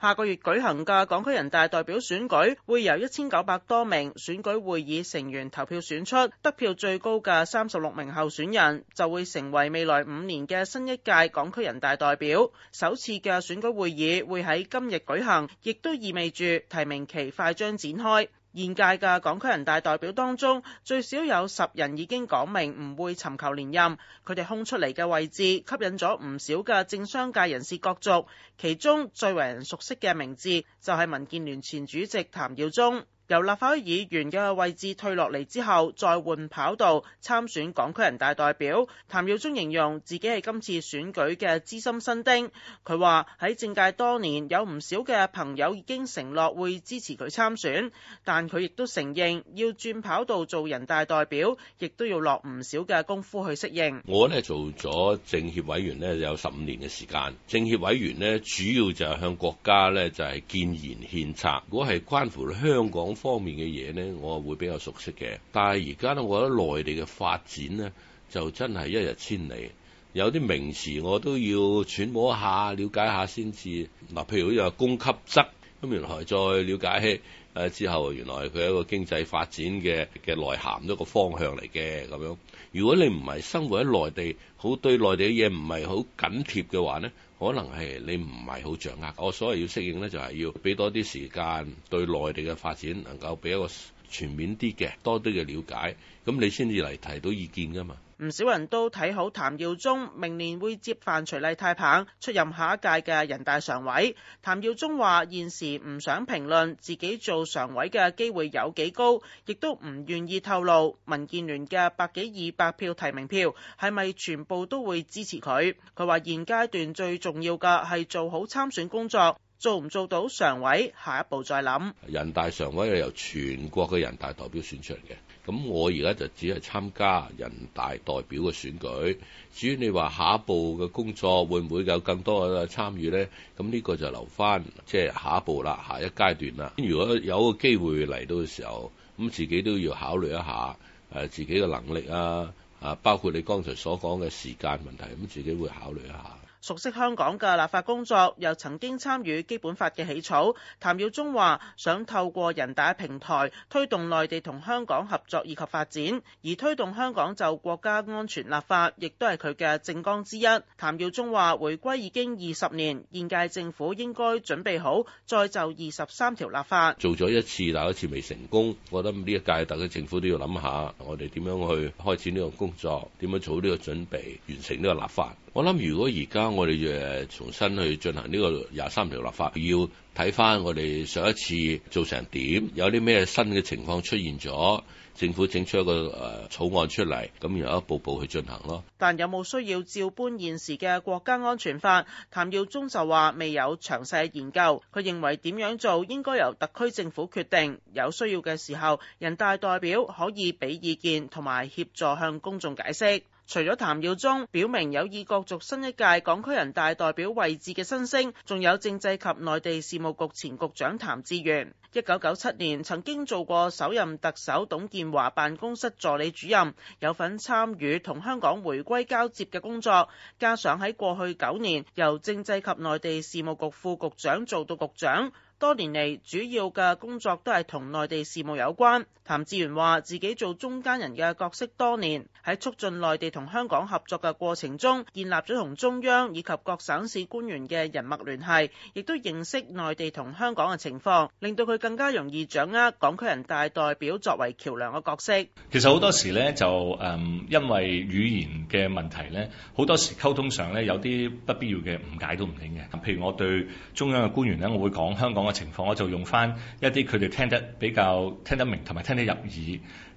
下個月舉行嘅港區人大代表選舉，會由一千九百多名選舉會議成員投票選出，得票最高嘅三十六名候選人就會成為未來五年嘅新一屆港區人大代表。首次嘅選舉會議會喺今日舉行，亦都意味住提名期快將展開。現屆嘅港區人大代表當中，最少有十人已經講明唔會尋求連任，佢哋空出嚟嘅位置吸引咗唔少嘅政商界人士角逐，其中最為人熟悉嘅名字就係民建聯前主席譚耀宗。由立法會議員嘅位置退落嚟之後，再換跑道參選港區人大代表。譚耀宗形容自己係今次選舉嘅資深新丁。佢話喺政界多年，有唔少嘅朋友已經承諾會支持佢參選，但佢亦都承認要轉跑道做人大代表，亦都要落唔少嘅功夫去適應。我呢做咗政協委員呢有十五年嘅時間，政協委員呢主要就係向國家呢就係建言獻策，如果係關乎香港方面嘅嘢咧，我會比較熟悉嘅。但係而家咧，我覺得內地嘅發展咧，就真係一日千里。有啲名詞我都要揣摩一下、了解下先至。嗱，譬如呢個供給側，咁原來再了解誒之後，原來佢係一個經濟發展嘅嘅內涵一個方向嚟嘅咁樣。如果你唔係生活喺內地，好對內地嘅嘢唔係好緊貼嘅話呢，可能係你唔係好掌握。我所謂要適應呢，就係要俾多啲時間對內地嘅發展，能夠俾一個全面啲嘅多啲嘅了解，咁你先至嚟提到意見噶嘛。唔少人都睇好譚耀宗明年會接范徐麗泰棒出任下一屆嘅人大常委。譚耀宗話：現時唔想評論自己做常委嘅機會有幾高，亦都唔願意透露民建聯嘅百幾二百票提名票係咪全部都會支持佢。佢話現階段最重要嘅係做好參選工作，做唔做到常委，下一步再諗。人大常委係由全國嘅人大代表選出嚟嘅。咁我而家就只係參加人大代表嘅選舉。至於你話下一步嘅工作會唔會有更多嘅參與呢？咁呢個就留返即係下一步啦，下一階段啦。如果有一個機會嚟到嘅時候，咁自己都要考慮一下誒自己嘅能力啊，啊包括你剛才所講嘅時間問題，咁自己會考慮一下。熟悉香港嘅立法工作，又曾經參與基本法嘅起草。譚耀宗話：想透過人大平台推動內地同香港合作以及發展，而推動香港就國家安全立法，亦都係佢嘅政綱之一。譚耀宗話：回歸已經二十年，現屆政府應該準備好，再就二十三條立法。做咗一次，嗱，一次未成功，我覺得呢一屆特區政府都要諗下，我哋點樣去開始呢個工作，點樣做呢個準備，完成呢個立法。我諗，如果而家我哋誒重新去進行呢個廿三條立法，要睇翻我哋上一次做成點，有啲咩新嘅情況出現咗，政府整出一個誒草案出嚟，咁然後一步步去進行咯。但有冇需要照搬現時嘅國家安全法？譚耀宗就話未有詳細研究，佢認為點樣做應該由特區政府決定，有需要嘅時候，人大代表可以俾意見同埋協助向公眾解釋。除咗譚耀宗表明有意角逐新一屆港區人大代表位置嘅新星，仲有政制及內地事務局前局長譚志源。一九九七年曾經做過首任特首董建華辦公室助理主任，有份參與同香港回歸交接嘅工作，加上喺過去九年由政制及內地事務局副局長做到局長。多年嚟，主要嘅工作都係同內地事務有關。譚志源話自己做中間人嘅角色多年，喺促進內地同香港合作嘅過程中，建立咗同中央以及各省市官員嘅人脈聯繫，亦都認識內地同香港嘅情況，令到佢更加容易掌握港區人大代表作為橋樑嘅角色。其實好多時咧，就誒因為語言嘅問題咧，好多時溝通上咧有啲不必要嘅誤解都唔定嘅。譬如我對中央嘅官員咧，我會講香港。情況，我就用翻一啲佢哋聽得比較聽得明同埋聽得入耳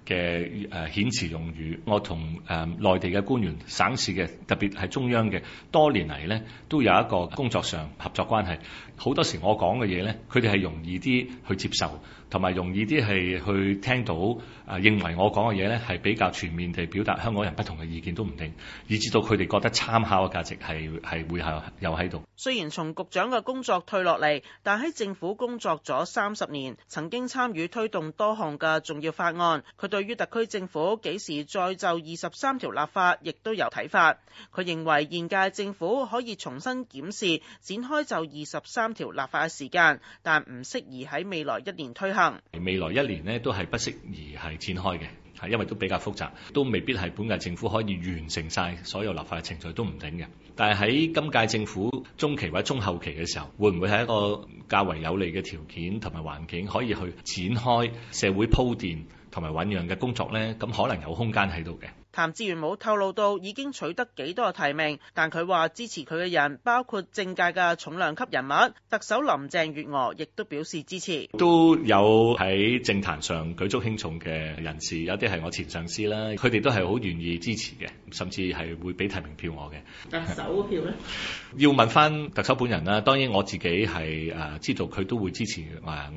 嘅誒、呃、遣詞用語，我同誒、呃、內地嘅官員、省市嘅特別係中央嘅多年嚟呢都有一個工作上合作關係。好多時我講嘅嘢呢，佢哋係容易啲去接受，同埋容易啲係去聽到誒、呃、認為我講嘅嘢呢，係比較全面地表達香港人不同嘅意見都唔定，以至到佢哋覺得參考嘅價值係係會係有喺度。雖然從局長嘅工作退落嚟，但喺政府工作咗三十年，曾經參與推動多項嘅重要法案，佢對於特區政府幾時再就二十三條立法，亦都有睇法。佢認為現屆政府可以重新檢視展開就二十三條立法嘅時間，但唔適宜喺未來一年推行。未來一年呢都係不適宜係展開嘅。係因為都比較複雜，都未必係本屆政府可以完成晒所有立法程序都唔定嘅。但係喺今屆政府中期或者中後期嘅時候，會唔會係一個較為有利嘅條件同埋環境，可以去展開社會鋪墊同埋醞釀嘅工作呢？咁可能有空間喺度嘅。譚志源冇透露到已經取得幾多個提名，但佢話支持佢嘅人包括政界嘅重量級人物，特首林鄭月娥亦都表示支持，都有喺政壇上舉足輕重嘅人士，有啲係我前上司啦，佢哋都係好願意支持嘅，甚至係會俾提名票我嘅。特首票咧， 要問翻特首本人啦。當然我自己係誒知道佢都會支持誒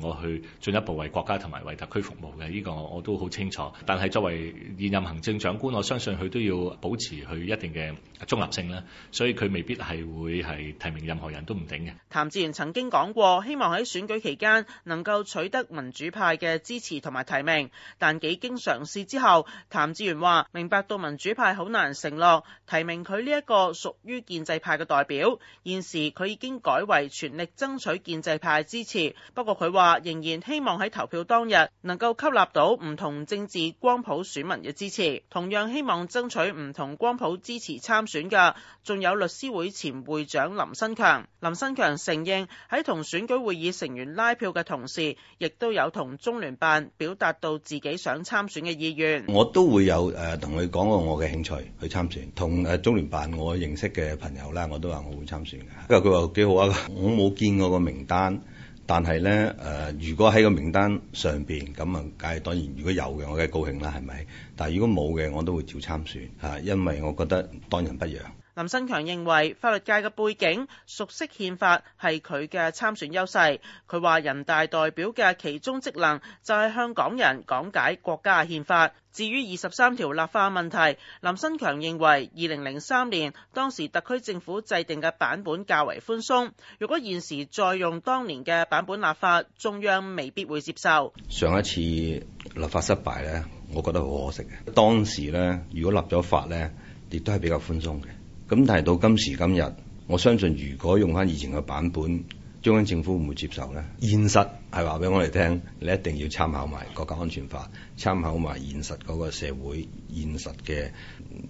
我去進一步為國家同埋為特區服務嘅，呢、呢個我都好清楚。但係作為現任行政長官，我相信佢都要保持佢一定嘅中立性啦，所以佢未必係會係提名任何人都唔頂嘅。譚志源曾經講過，希望喺選舉期間能夠取得民主派嘅支持同埋提名，但幾經嘗試之後，譚志源話明白到民主派好難承諾提名佢呢一個屬於建制派嘅代表。現時佢已經改為全力爭取建制派支持，不過佢話仍然希望喺投票當日能夠吸納到唔同政治光譜選民嘅支持，同樣，希望爭取唔同光譜支持參選噶仲有律師會前會長林新強。林新強承認喺同選舉會議成員拉票嘅同時，亦都有同中聯辦表達到自己想參選嘅意願。我都會有誒同佢講過我嘅興趣去參選，同誒中聯辦我認識嘅朋友啦，我都話我會參選噶。不過佢話幾好啊，我冇見過個名單。但係咧，誒、呃，如果喺個名單上邊，咁啊，梗係當然如果有嘅，我梗係高興啦，係咪？但係如果冇嘅，我都會照參選嚇、啊，因為我覺得當仁不讓。林新強認為法律界嘅背景熟悉憲法係佢嘅參選優勢。佢話，人大代表嘅其中職能就係香港人講解國家嘅憲法。至於二十三條立法問題，林新強認為二零零三年當時特區政府制定嘅版本較為寬鬆。如果現時再用當年嘅版本立法，中央未必會接受。上一次立法失敗呢，我覺得好可惜嘅。當時呢，如果立咗法呢，亦都係比較寬鬆嘅。咁提到今時今日，我相信如果用翻以前嘅版本，中央政府會唔會接受呢？現實係話俾我哋聽，你一定要參考埋《國家安全法》，參考埋現實嗰個社會現實嘅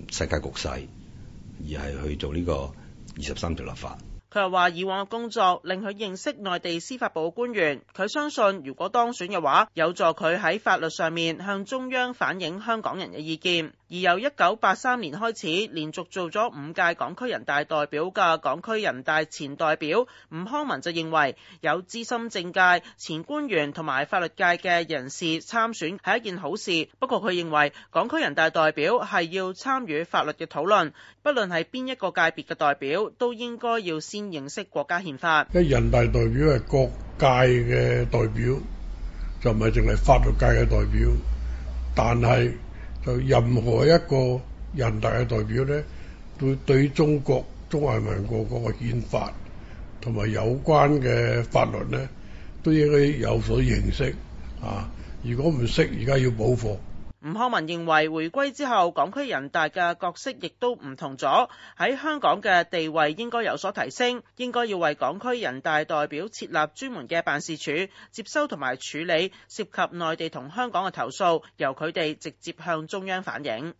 世界局勢，而係去做呢個二十三條立法。佢又話：以往嘅工作令佢認識內地司法部官員，佢相信如果當選嘅話，有助佢喺法律上面向中央反映香港人嘅意見。而由一九八三年開始，連續做咗五屆港區人大代表嘅港區人大前代表吳康民就認為，有資深政界、前官員同埋法律界嘅人士參選係一件好事。不過佢認為港區人大代表係要參與法律嘅討論，不論係邊一個界別嘅代表，都應該要先認識國家憲法。即人大代表係各界嘅代表，就唔係淨係法律界嘅代表，但係，就任何一個人大嘅代表咧，對對中國中華人民共和國個憲法同埋有關嘅法律咧，都應該有所認識啊！如果唔識，而家要補課。吳康民認為，回歸之後，港區人大嘅角色亦都唔同咗，喺香港嘅地位應該有所提升，應該要為港區人大代表設立專門嘅辦事處，接收同埋處理涉及內地同香港嘅投訴，由佢哋直接向中央反映。